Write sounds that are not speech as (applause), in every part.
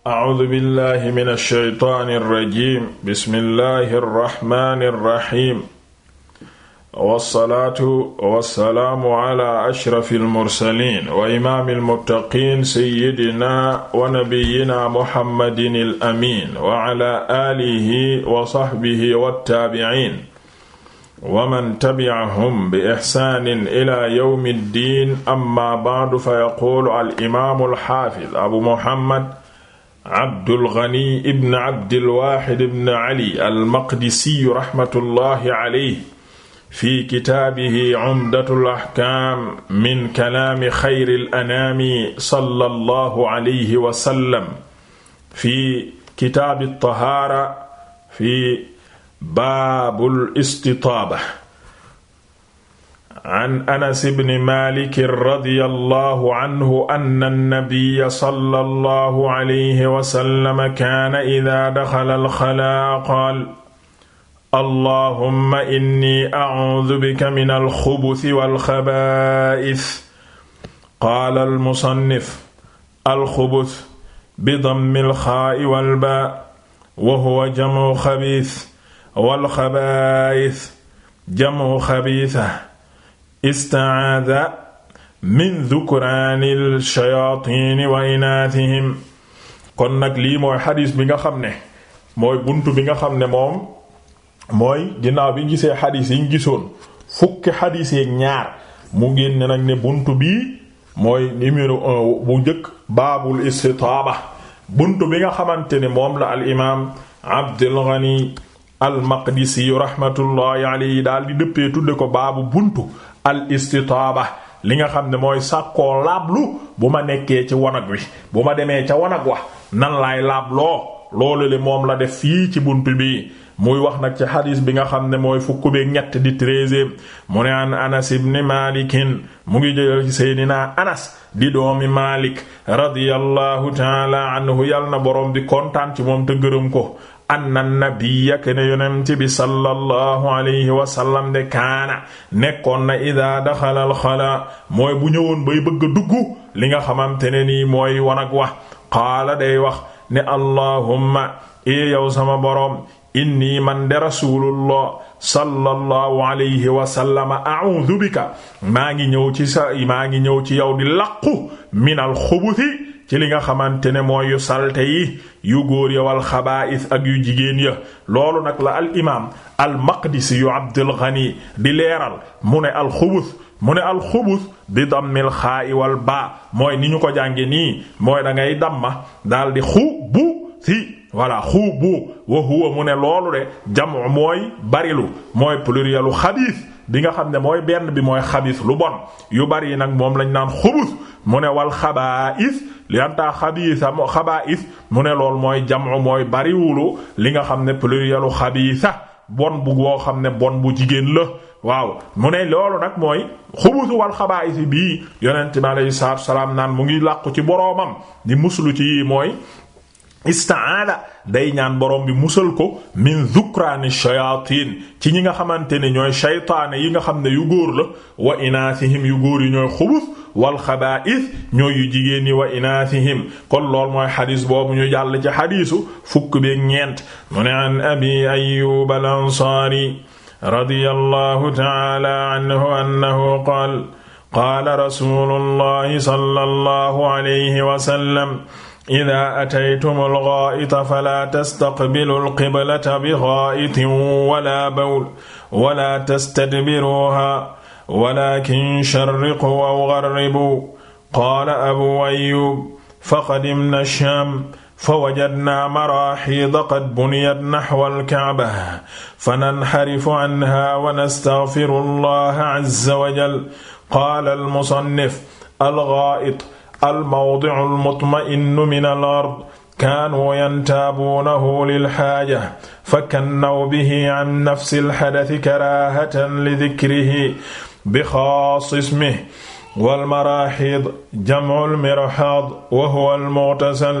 A'uuzu billaahi mina shaytaani rajiim bismillaahi rahmaani rahiim wassalaatu wassalaamu alaa ashrafil mursaliin wa imaamil muttaqiin sayyidinaa wa nabiyyinaa Muhammadinil amiin wa alaa aalihi wa sahbihi wattaabi'iin wa man tabi'ahum bi ihsaanin ilaa yawmid diin ammaa ba'du fa yaquulu al imaamul haafiz Abu Muhammad Abdul Ghani ibn Abdil Wahid ibn Ali al-Maqdisi rahmatullahi alayhi fi kitaabihi Umdatul Ahkaam min kalaami xayril anaami sallallahu alayhi wa sallam fi kitaabi tahaara fi baabul istitaaba an anas ibn malik radiyallahu anhu anna an-nabiyya sallallahu alayhi wa sallam kaana idhaa dakhala al-khalaa qaala allahumma inni a'uudhu bika mina al-khubuthi wal-khabaa'ith qaala al-musannif al-khubuth bi-dammi al-khaa'i wal-baa'i wa huwa jam'u khabiith wal-khabaa'ith jam'u khabiitha istaada min dhukraanil shayaatiini wa inaatihim kon nag lii mooy xadiis bi nga xam ne mooy buntu bi nga xam ne moom mooy ginnaaw bi gisee xadiis yi ñu gisoon fukki xadiis yeeg ñaar mu génne nag ne buntu bii mooy numéro bu njëkk baabul istitaaba buntu bi nga xamante ne moom la al imaam Abdul Ghani al Maqdisi rahmatullahi alayhi daal di dëppee tudde ko baabu buntu al istitaaba li nga xam ne mooy sàkkoo laablu bu ma nekkee ci wanag wi bu ma demee ca wanag wa nan laay laabloo loolu li moom la def fii ci bunt bi muy wax nag ci xadis bi nga xam ne mooy fukk beeg ñett di treizième mu ne an anas ibn malikin mu ngi jël ci seydinaa anas di doomi malik radiyallahu taala anhu yal na boroom bi kontaan ci moom te gërëm ko anna nabiyya kana yonent bi sallallahu alayhi wa sallam de kaana nekkoon na idaa daxala alxala mooy bu ñëwoon bay bëgg a dugg li nga xamante ne nii mooy wanag wa qaala day wax ne allahumma ee yow sama boroom inni man de rasulullah sallallahu alayhi wa sallam a'udhu bika maa ngi ñëw ci ngi ñëw ci yow di laqu min al xubuti ci li nga xamante ne mooy yu salte yi yu góor ya wal xabaa'is ak yu jigéen ya loolu nag la al imaam al maqdisi yu Abdul Ghani di leeral mu ne al xubus mu ne al xubus bi dammil xaa'i wal baa mooy ni ñu ko jànge nii mooy da ngay damma daal di xubu si voilà xubu wa huwa mu ne loolu de jamu mooy barilu mooy plurielu xabiis bi nga xam ne mooy benn bi mooy xabis lu bon yu bari nag moom lañu naan xubus mu ne wal xabaa is xabaa'is yantaa xabiisa is mu ne lool mooy jamu mooy bariwulu li nga xam ne plurielu xabiisa bon bu boo xam ne bon bu jigéen la waaw mu ne loolu nag mooy xubusu wal xabaa xabaa'is bii yonent bi alayhi salaatu wa naan mu ngi làqu ci boroomam di muslu ci yii mooy istaada day ñaan borom bi musal ko min zukraani shayatin ci ñi nga xamante ne ñooy shaytaane yi nga xam ne yu góor la wa inaasihim yu góor yi ñooy xubus wal xabaa'is ñooy yu jigéen ñi wa inaasihim kon lool mooy xadis boobu ñu jàll ci xadisu fukk beeg ñeent mu ne an abi ayyub al ansaari radiyallahu ta'ala anhu annahu qaala qaala rasuulullahi sallallahu alayhi wa sallam ida ataytum algaita fala tastaqbilu alqiblata bigaitin wala bawl wala tastadbiruha walakin sharriqu aw garribu qaala abu ayyub faqadimna sham fawajadna maraxiida qad buniyat naxwa alkacba fananxarifu anha wa nastaxfiru allaha azza wajal qaala almusannif algaa'it almawdiu almutmainu min al ard kaanuu yantaabuunahu lilxaaja fakannaw bihi an nafsi alxadati karaahatan lidikrihi bi xaas ismihi walmaraxid jamcu almirxaad wa huwa almughtasal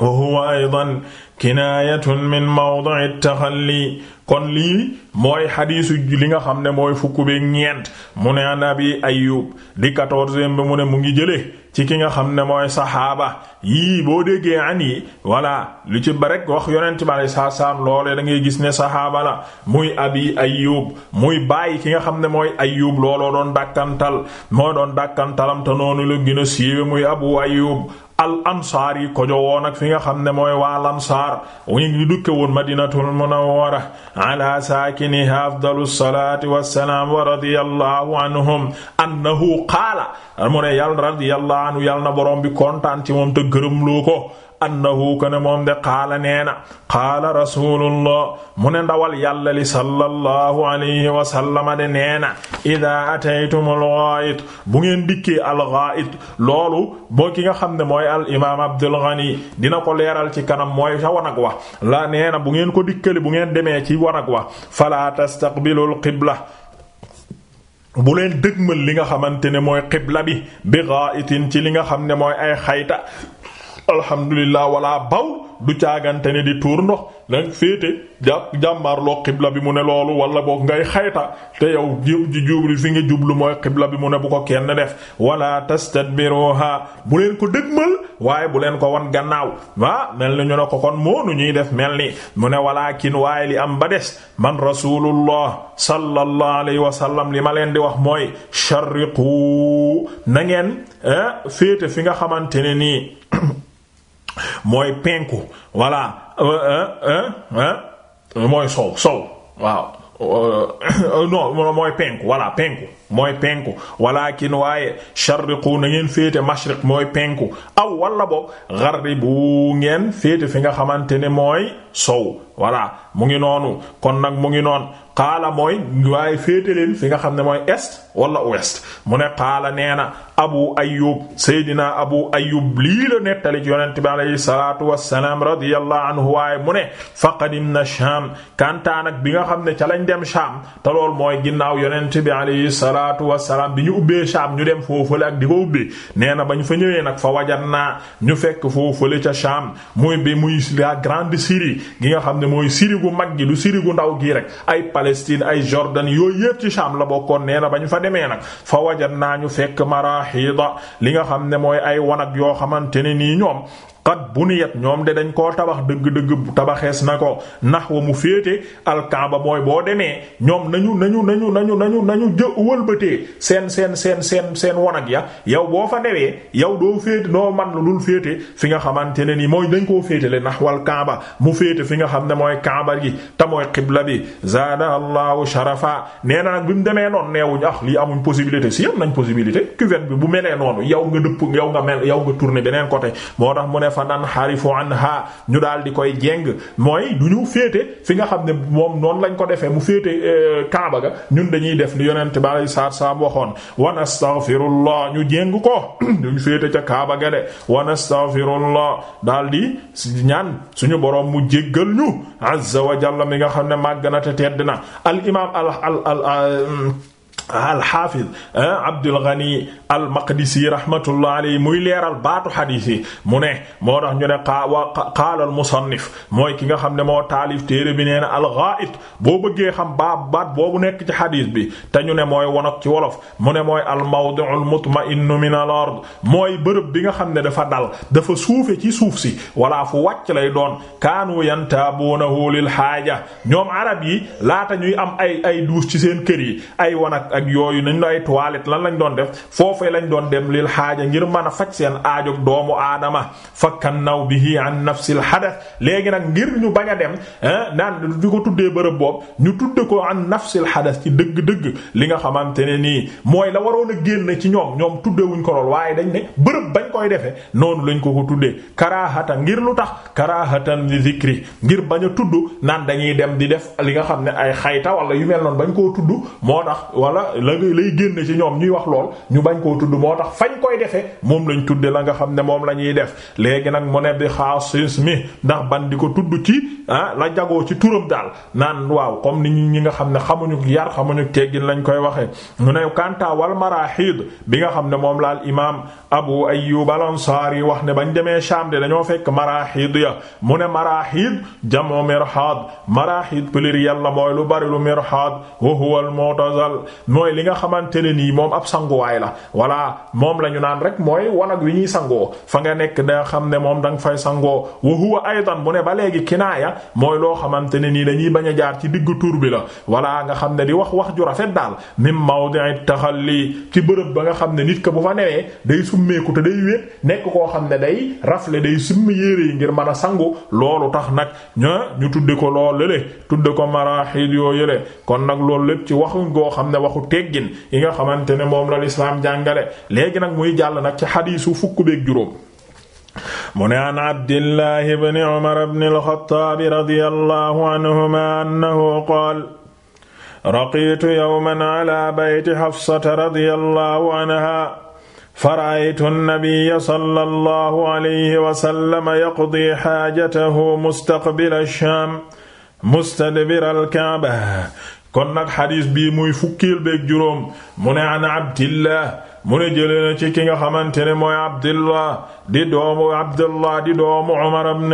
wa huwa aydan kinaayatun min mawdi'i taxalli kon lii mooy xadiisu li nga xam ne mooy fukk bi ñeent mu ne an abi ayub di quatorzième bi mu ne mu ngi jële ci ki nga xam ne mooy saxaaba yii boo déggee an yi voilà lu ci ba rek wax yonent bi saa saam loolee da ngay gis ne saxaaba la muy abi ayub muy bàyyi ki nga xam ne mooy ayub looloo doon dàkkantal moo doon dàkkantalam te noonu la gën a siiwe muy abu ayub al ansaar yi ko jowoon fi nga xam ne mooy waa al ansaar ñu ngi dukke woon madinatul munawwara ala saakiniha afdalu salaati wassalaam wa radiyallahu anhum annahu qaala mu ne yàlla radiyallahu anhu yàlla na borom bi kontaan ci moom te gërëm loo ko annahu ko ne moom de qaala nee na qaala rasulullah mu ne ndawal yàlla li sallallahu alayhi wa sallama de nee na ida ataytum al ghaait bu ngeen dikkee al ghaait loolu boo ki nga xam ne mooy al imam Abdul Ghani dina ko leeral ci kanam mooy sa wanag wa la nee na bu ngeen ko dikkali bu ngeen demee ci wanag wa fala tastaqbilul qibla bu leen dëgmal li nga xamante ne mooy qibla bi bi ghaitin ci li nga xam ne mooy ay xayta alhamdulilah wala baw du caagante ne di tuur ndox danga féete jàpp jàmmaarloo bi mu ne loolu walla boog ngay xayta te yow jëm ji jublu fi nga jublu mooy xibla bi mu ne bu ko kenn def wala tastadbiruha bu leen ko dëgmal waaye bu leen ko wan gannaaw ah mel ni ñu ne ko kon moonu ñuy def mel ni mu ne walaakin waaye li am ba des man rasulullah sallallahu alayhi wa sallam li ma leen di wax mooy sharriqu na ngeen eh, féete fi nga xamante ne nii (clears throat) mooy penku voilà euh, euh, euh, mooy sow sow waaw (coughs) non mooy penku voilà penku mooy penku walakin waaye sharriqu na ngeen féete mashriq mooy penku aw wala boog gharribu ngeen féete fi nga xamante ne mooy sow voilà mu ngi noonu kon nag mu ngi noon qaala mooy waaye féete leen fi nga xam ne mooy est wala ouest mu ne qaala nee na abu ayub seydina abu ayub lii la nettali ci yonente bi alayhi salatu wassalaam radiyallahu anhu waaye mu ne faqadimna sham kantaan bi nga xam ne ca lañ dem sham te lool mooy ginnaaw yonente bi alayhi salaam salaatu wassalaam bi ñu ubbee shaam ñu dem foofale ak di ko ubbee nee na ba ñu fa ñëwee nag fa wajat naa ñu fekk foofale ca Sham muy bi muy la grande Syrie gi nga xam ne mooy Syrie gu mag gi lu Syrie gu ndaw gii rek ay Palestine ay Jordan yoo yëpp ci Sham la bokkoon nee na ba ñu fa demee nag fa wajat naa ñu fekk marahida li nga xam ne mooy ay wanag yoo xamante ne nii ñoom qad buniyat ñoom de dañ koo tabax dëgg-dëgg tabaxees na ko nax wa mu féete alkaaba mooy boo demee ñoom nañu nañu nañu nañu nañu nañu jë wëlbatee seen seen seen seen seen wanag ya yow boo fa dewee yow doo féete doo man lu dul féete fi nga xamante ne ni mooy dañ koo féetale nax wal kaaba mu féete fi nga xam ne mooy kaaba gi te mooy xibla bi zaada allahu sharafa nee na nag bi mu demee noonu neewuñ ah li amuñ possibilité si yam nañ possibilité cuvette bi bu melee noonu yow nga dëpp yow nga mel yow nga tourner beneen côté fanan xarifu anha ñu daal di koy jeng mooy du ñu féete fi nga xam ne moom noonu lañ ko defee mu féete euh, Kaaba ga ñun dañuy def li yonent ba lay saar saam waxoon wa nastaghfirullah ñu jéng ko (coughs) duñ féete ca Kaaba ga de wa nastaghfirullah daal di ñaan suñu borom mu jéggal ñu azza wa jalla mi nga xam ne màgg na te tedd na al xaafiz ah, Abdul Ghani al Maqdisi rahmatullah alayhi muy leeral baatu xadiis yi mu ne moo tax ñu ne qaala al musannif mooy ki nga xam ne moo taalif téere bi nee na al ghaa'it boo bëggee xam baab baat boobu nekk ci xadiis bi te ñu ne mooy wanok ci wolof mu ne mooy al mawdi'ul mutma'innu min al mooy bërëb bi nga xam ne dafa dal dafa suufe ci suuf si wala fu wàcc lay doon kaanu yantaabunahu lil xaaja ñoom arab yi laata ñuy am ay ay duus ci seen kër yi ay ak yooyu nañ lay toilette lan lañ doon def foofee lañ doon dem lil xaaja ngir mën a faj seen aajo doomu aadama fakkan naw bi bihi an nafsil hadath léegi nag ngir ñu bañ a dem naan di ko tuddee bërëb boobu ñu tudde ko an nafsil hadath ci dëgg-dëgg li nga xamante ne nii mooy la waroon a génn ci ñoom ñoom tuddewuñ ko lool waaye dañ ne bërëb bañ koy defee noonu lañ ko ko tuddee karahata ngir lu tax karahatan li zikri ngir bañ a tudd naan dañuy dem di def li nga xam ne ay xayta wala yu mel noonu bañ koo tudd ba la lay génne ñoom ñuy wax lool ñu bañ koo tudd moo tax fañ koy defee moom lañ tudde la nga xam ne moom la ñuy def léegi nag mu ne bi xaasis mi ndax ban di ko tudd ci ah la jagoo ci turam daal naan waaw comme ni ñi nga xam ne xamuñu yar xamuñu teggin lañ koy waxee mu ne kanta wal marahid bi nga xam ne moom laal imaam Abu Ayyub al-Ansari wax ne bañ demee Sham dañoo fekk marahid ya mu ne marahid jamu mirhad marahid pluriel la mooy lu bari lu mirhad wa huwa al mooy li nga xamante ne nii moom ab sanguwaay la voilà moom la ñu naan rek mooy wanag wi ñuy sangoo fa nga nekk da xam ne moom da nga fay sangoo wa huwa aydan bu ne ba léegi kinaaya mooy loo xamante ne nii dañuy bañ a jaar ci diggu tur bi la voilà nga xam ne di wax wax ju rafet daal mim mawdi'i taxalli ci bërëb ba nga xam ne nit ko bu fa newee day summeeku te day wéet nekk koo xam ne day rafle day summi yére yi ngir mën a sangu loolu tax nag ñu tudde ko loolu le tudde ko marahid yoo yële kon nag waxu teggin yi nga xamante ne moom la lislaam jàngale léegi nag muy jàll nag ci xadiisu fukk beek juróom mu ne an abdillahi bni umar bni alxataabi radiyallahu anhuma annahu qaal raqiitu yawman ala bayti xafsata radiyallahu anha فرأيت النبي صلى الله عليه وسلم يقضي حاجته مستقبل الشام مستدبر الكعبة kon nag xadiis bii muy fukkeel beeg juróom mu ne an abdillah mu ne jëlee ci ki nga xamante ne mooy abdillah di doomu abdillah di doomu umar ibn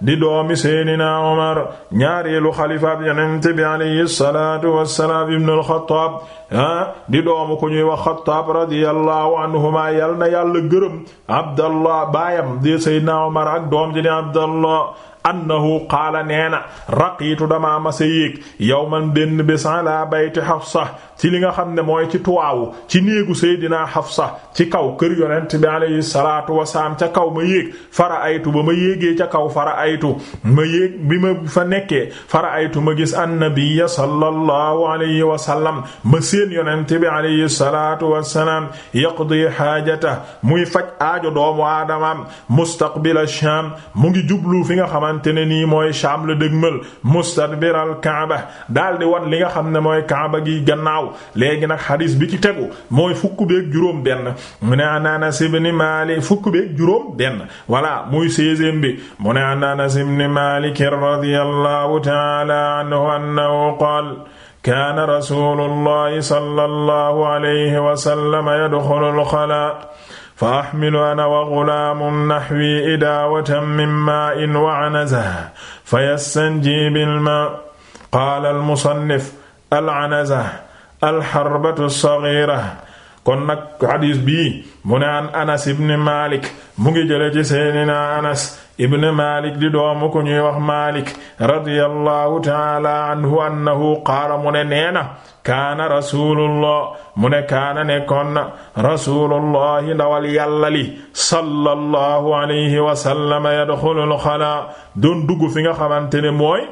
di doomi seydina umar ñaareelu xalifa bi yonent bi alayhi salaatu wassalaam ibn al-Xattaab ah di doomu ku ñuy wax yàlla gërëm abdallah baayam seydina umar ak doom ji abdallah annahu qaala nee na raqiitu damaa masa yéeg yawman benn bés ala bayti Hafsa ci li nga xam ne mooy ci tuwaawu ci néegu Seydina Hafsa ci kaw kër yonent bi alayhi salaatu wasalaam ca kaw ma yéeg fara aytu ba ma yéegee ca kaw fara aytu ma yéeg bi ma fa nekkee fara aytu ma gis annabiyya sallallahu alayhi wa sallam ma seen yonent bi alayhi salaatu wasalaam yaqdi haajata muy faj aajo doomu aadamaam mustaqbila Shaam mu ngi jublu fi nga xamante ne nii mooy Shaam la dëgmal mustadbiral Kaaba daal di wat li nga xam ne mooy Kaaba gi gannaaw daw léegi nag xadis bi ci tegu mooy fukk beeg juróom benn mu ne an Anas ibn Malik fukk beeg juróom benn voilà muy seizième bi mu ne an Anas ibn Malik radiyallahu ta'ala anhu annahu qaala kaana rasuulullahi sallallahu alayhi wa sallam yadxulul xalaa fa axmilu ana wa gulaamun naxwi idaawatan min maa'in wa anaza fa yastanjii bil maa' qaala al musannif al anaza alxarbatu saxiira kon nag xadiis bii mu ne an anas ibn malik mu ngi jële ci seydina anas ibn malik di doomu ko ñuy wax malik radiyallahu taala anhu annahu qaala mu ne neena kaana rasulullah mu ne kaana nekkoon na rasulullahi ndawal yàlla li sallallahu alayhi wasallama yadxulul xalaa doon dugg fi nga xamante ne mooy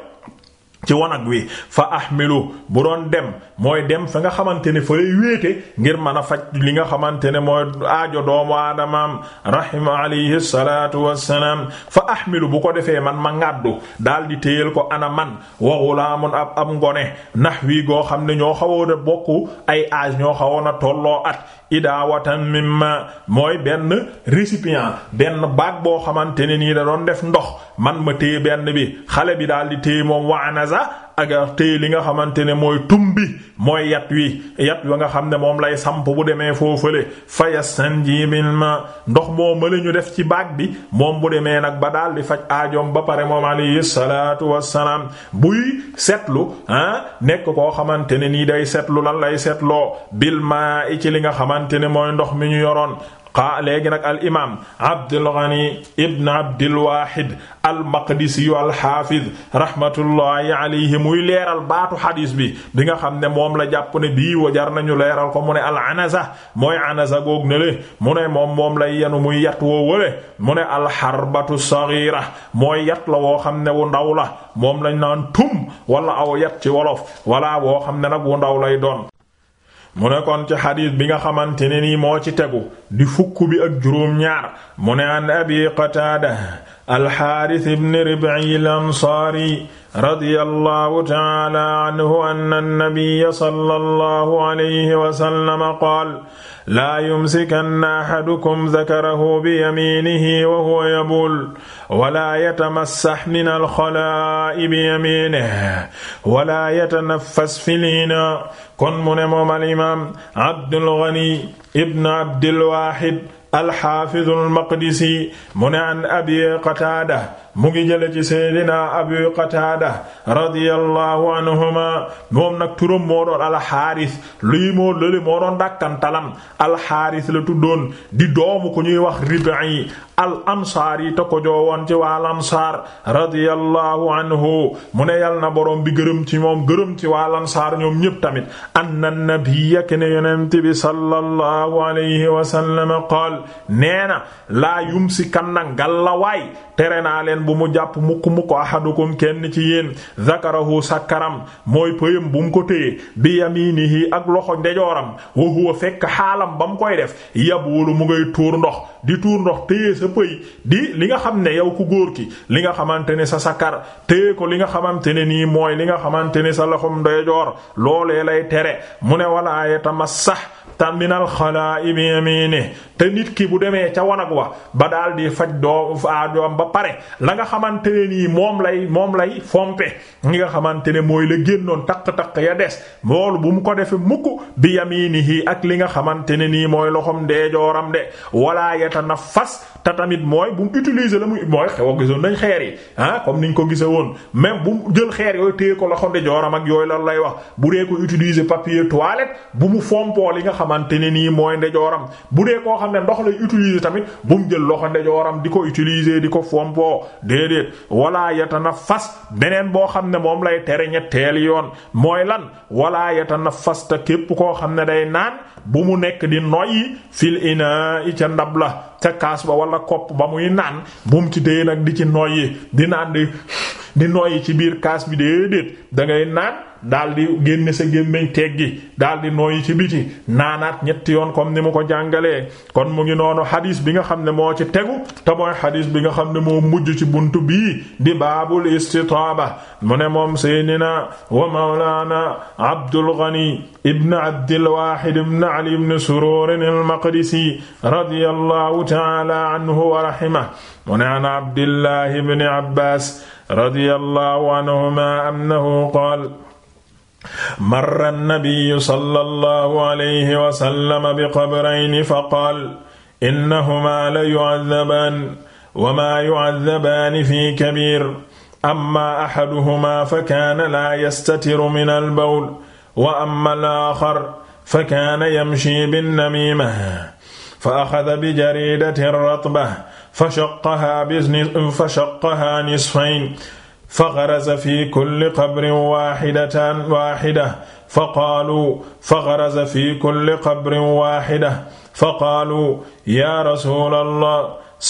ci wanag wi fa ahmilu bu doon dem mooy dem fa nga xamante ne fa wéete ngir mën a faj li nga xamante ne mooy aajo doomu aadamaam rahima alayhi salaatu wassalaam fa ahmilu bu ko defee man ma ngàddu daal di téyal ko ana man wa ghulaamun ab ab ngone nax wi goo xam ne ñoo xawoo a bokku ay âge ñoo xawoon a tolloo at idaawatan mimma mooy benn récipient benn baag boo xamante ne nii da doon def ndox man ma téye benn bi xale bi daal di téye moom waanaza ak tey li nga xamante ne mooy bi mooy yat wi yat wa nga xam ne moom lay samp bu demee foofale fayastanji bil ma ndox moo mala ñu def ci baag bi moom bu demee nag ba daal di faj aajoom ba pare moom alayhi salaatu wassalaam buy seetlu ah, nekk koo xamante ne nii day seetlu lan lay seetloo bil ma i ci li nga xamante ne mooy ndox mi ñu yoroon xaa léegi nag al imaam Abdul Ghani ibn Abdul Wahid al Maqdisiyu al Hafiz rahmatullahi alayhi muy leeral baatu xadiis bi bi nga xam ne moom la jàpp ne bii jar nañu leeral ko mu ne al anasa mooy anasa goog ne le mu ne moom moom lay yenu muy yat woo wële mu ne al xarbatu saghira mooy yat la woo xam ne wu ndaw la moom lañ naan tum wala aw yat ci wolof wala woo xam ne nag wu ndaw lay doon mu ne kon ci xadiis bi nga xamante ne nii moo ci tegu di fukk bi ak juróom ñaar mu ne an abi alxaaris ibn rib'i al-ansaari radiyallahu ta'ala anhu anna nabiyya sallallahu alayhi wa sallam qaala laa yumsikanna ahadukum dhakarahu biyamiinihi wa huwa yabuul wala yatamassax min alxalaa'i biyamiinihi wala yatanaffas fil hinaa kon mu ne moom al imaam Abdul Ghani ibn Abdul Waahid alxaafizu almaqdisi mu ne an abi qataada mu ngi jële ci seydina abu qataada radiyallahu anhuma moom nag turam moo doon alxaaris lii moo lële moo doon dàkkantalam alxaaris la tuddoon di doomu ku ñuy wax rib'i al ansaar yi te ko joowoon ci waa al ansaar radiyallahu anhu mu ne yal na borom bi gërëm ci moom gërëm ci waa al ansaar ñoom ñépp tamit anna nabiyya kene yonent bi sallallahu alayhi wa sallam qaal nee na laa yumsi kan na tere naa leen bu mu jàpp mukk mukk ahadukum kenn ci yéen zakarahu sakkaram mooy pëyam bu mu ko téye bi yaminihi ak loxo ndejooram wa huwa fekk xaalam ba mu koy def yabulu mu ngay tuur ndox di tuur ndox téye sa pëy di li nga xam ne yow ku góor ki li nga xamante ne sa sakkar téye ko li nga xamante ne nii mooy li nga xamante ne sa loxom ndejoor loolee lay tere mu ne wala ayata massah taminal xalaa'i bi yamiinihi te nit ki bu demee ca wanag wa ba daal di faj doo aajoom ba pare la nga xamante ne nii moom lay moom lay fompe ngi nga xamante ne mooy la génnoon taq-taq ya des loolu bu mu ko defee mukk bi yamiinihi ak li nga xamante ne nii mooy loxom ndeyjooram de wala yatanaffas te tamit mooy bu mu utiliser la muy mooy xew a gisoon nañ xeer yi ah comme niñ ko gisee woon même bu jël xeer yooyu téye ko loxo jooram ak yooyu lan lay wax bu dee ko utiliser papier toilette bu mu fompoo li nga xam xamante ne nii mooy ndejooram bu dee koo xam ne ndox lay utiliser tamit bu mu jël loxo ndejooram di ko utiliser di ko fompoo déedéet wala yatanafas beneen boo xam ne moom lay tere ñetteeli yoon mooy lan wala yatanafas te képp koo xam ne day naan bu mu nekk di noyyi fil ina i ca ndab la ca kaas ba wala kopp ba muy naan bu mu ci téye nag di ci noyyi di naan di di noyyi ci biir kaas bi déedéet da ngay naan daal di génne sa gémmiñ teggi daal di nooyi ci biti naanaat ñetti yoon comme ni mu ko jàngalee kon mu gi noonu hadis bi nga xam ne moo ci tegu te mooy hadis bi nga xam ne moo mujj ci buntu bii di baabul istitaaba mu ne moom seydina wa mawlaana Abdul Ghani ibn Abdil Wahid ibn Ali ibn Surur al-Maqdisi radiyallahu ta'ala anhu wa rahimahu mu an Abdillahi ibn Abbas radiyallahu anhuma annahu qaala marra nabiyyu sallallahu alayhi wa sallam bi qabrayni faqaal innahumaa la yu'azzabaan wa maa yu'azzabaani fii kabiir amma axaduhumaa fakaana laa yastatiru min albawl wa amma al-aaxar fakaana yamshii binnamiima fa axada bijariidatin ratba fashaqqahaa nisfayn fa xarasa fi kulli qabrin waaxidatan waaxida fa qaalu fa xarasa fi kulli qabrin waaxida fa qaalu yaa rasuulallah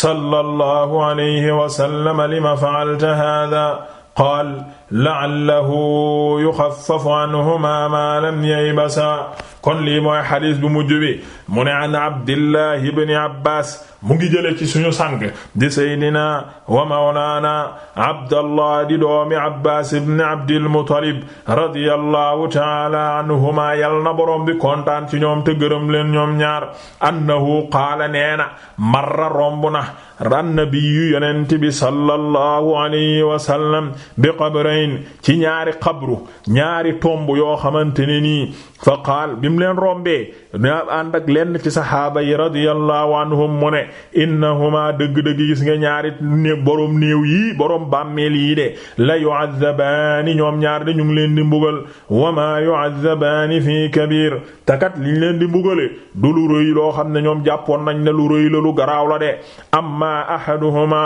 sallallahu alayhi wa sallam lima fa'alta haadaa qaal la'allahu yuxaffafu anhumaa maa lam yaybasaa kon lii mooy xadiis bu mujj bi mu ne an Abdillahi ibn Abbaas mu ngi jële ci suñu sang di seydina wa mawlaana abdallah di doomi abbaas ibn abdil muttalib radiyallahu taala anhuma yal na boroom bi kontaan ci ñoom te gërëm leen ñoom ñaar annahu qaala neena marra romb na annabiyu yonent bi sallallahu alayhi wa sallam bi qabrayn ci ñaari qabru ñaari tomb yoo xamante ne nii fa qaal bi mu rombee ànd ak lenn ci saxaaba yi radiyallahu anhum mu ne innahumaa dëgg-dëgg gis nga ñaari ne néew yi boroom bàmmeel yii de la yu'azzabaani ñoom ñaar de ñu ngi leen di mbugal wa maa yu'azzabaani fii kabiir takat liñ leen di mbugale du lu rëy loo xam ne ñoom jàppoon nañ ne lu rëy la lu garaaw la de amma ahaduhuma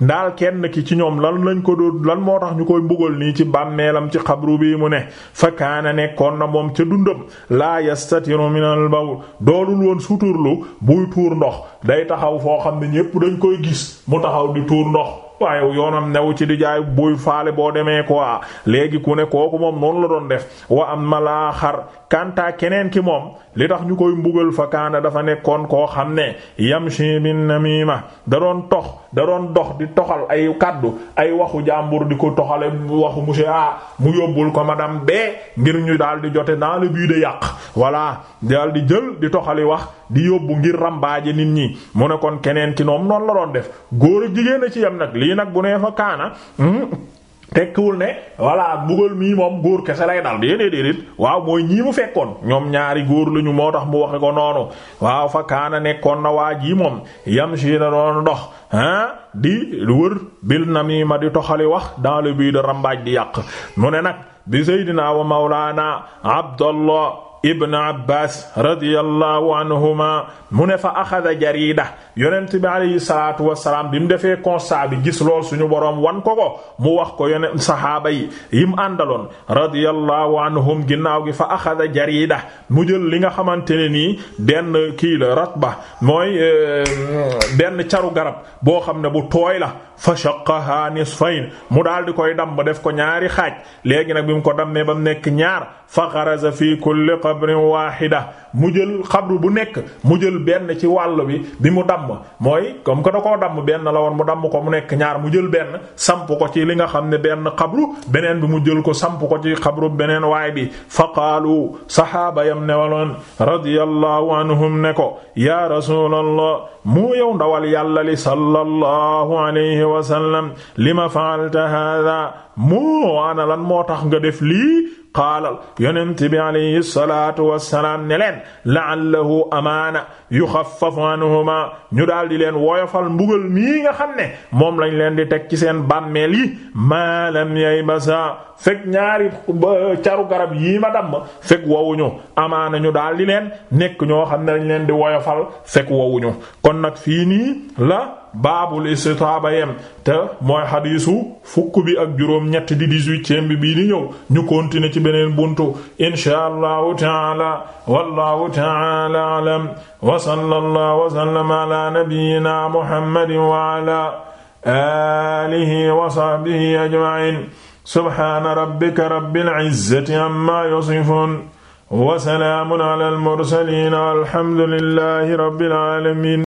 daal kenn ki ci ñoom lan lañ ko doon lan moo tax ñu koy mbugal nii ci bàmmeelam ci xabru bi mu ne fa kaana nekkoon na moom ca dundam laa yastatiru mi na bawl doolul woon suturlu buy tuur ndox day taxaw foo xam ne ñépp dañ koy gis mu taxaw di tuur ndox waaye yoonam new ci di jaay buy faale boo demee quoi léegi ku ne kooku moom noonu la doon def wa am ma xar kanta keneen ki moom li tax ñu koy mbugal fa dafa nekkoon koo xam ne yamshi bin namima da doon tox da doon dox di toxal ay kàddu ay waxu jàmbur di ko toxale waxu monsieur A mu yóbbul ko ma damm B ngir ñu daal di jote dans le but de yàq voilà daal di jël di toxali wax di yóbbu ngir rambaaje nit ñi mu ne kon keneen ki noom noonu la doon def góor a jigéen a ci yam nag lii nag bu nee fa kaana hmm? tekkiwul ne voilà mbugal mii moom góor kese lay dal déedéet déedéet waaw mooy ñii mu fekkoon ñoom ñaari góor lañu moo tax mu waxe ko noonu waaw fa kaana nekkoon na waa jii moom yam si na doon dox ah di wër bil ma di toxali wax dans le but de rambaaj di yàq mu ne nag bi Seydina wa Mawlana Abdallah ibn abbas radiyallahu anhuma mu ne fa axada jarida yonent bi alayhi salaatu wasalaam bi mu defee constat bi gis lool suñu boroom wan ko ko mu wax ko yonent saxaaba yi mu àndaloon radiyallahu anhum ginnaaw gi fa axada jarida mu jël li nga xamante ne nii benn kii la ratba mooy euh, benn caru garab boo xam ne bu tooy la fa shaqaha nisfayn mu daal di koy damm def ko ñaari xaaj léegi nag bi mu ko dammee ba mu nekk ñaar fa xaraza fi kulli qabrin wahida mu jël xabru bu nekk mu jël benn ci wàll bi bi mu damm mooy comme que da koo damm benn la woon mu damm ko mu nekk ñaar mu jël benn samp ko ci li nga xam ne benn xabru beneen bi mu jël ko samp ko ci xabru beneen waay bi fa qaalu sahaaba yam newaloon radiyallahu anhum ne ko ya rasulallah moo yow ndawal yàlla li sallallahu alayhi wa sallam lima fa'alta hadha moo ana lan moo tax nga def lii qaala yonent bi alayhi salaatu wassalaam ne leen la'allahu amaana yuxaffafu anhuma ñu daal di leen woyofal mbugal mii nga xam ne moom lañ leen di teg ci seen bàmmeel yi maa lam yaybasa fekk ñaari caru garab yii ma damm fekk wowuñu amaana ñu daal di leen nekk ñoo xam ne lañ leen di woyofal fekk wowuñu kon nag fii nii la baabul istitaaba yem te mooy xadiisu fukk bi ak juróom ñett di dix-huitième bi bii di ñëw ñu continuer ci beneen buntu inshaa allahu taala wallahu taala alam wa sallallahu wa sallama ala nabiyyina muhammadin wa ala alihi wa sahbihi ajma'in subhana rabbika rabbil izzati amma yasifun wa salaamun ala al mursalin walhamdulillahi rabbil alamin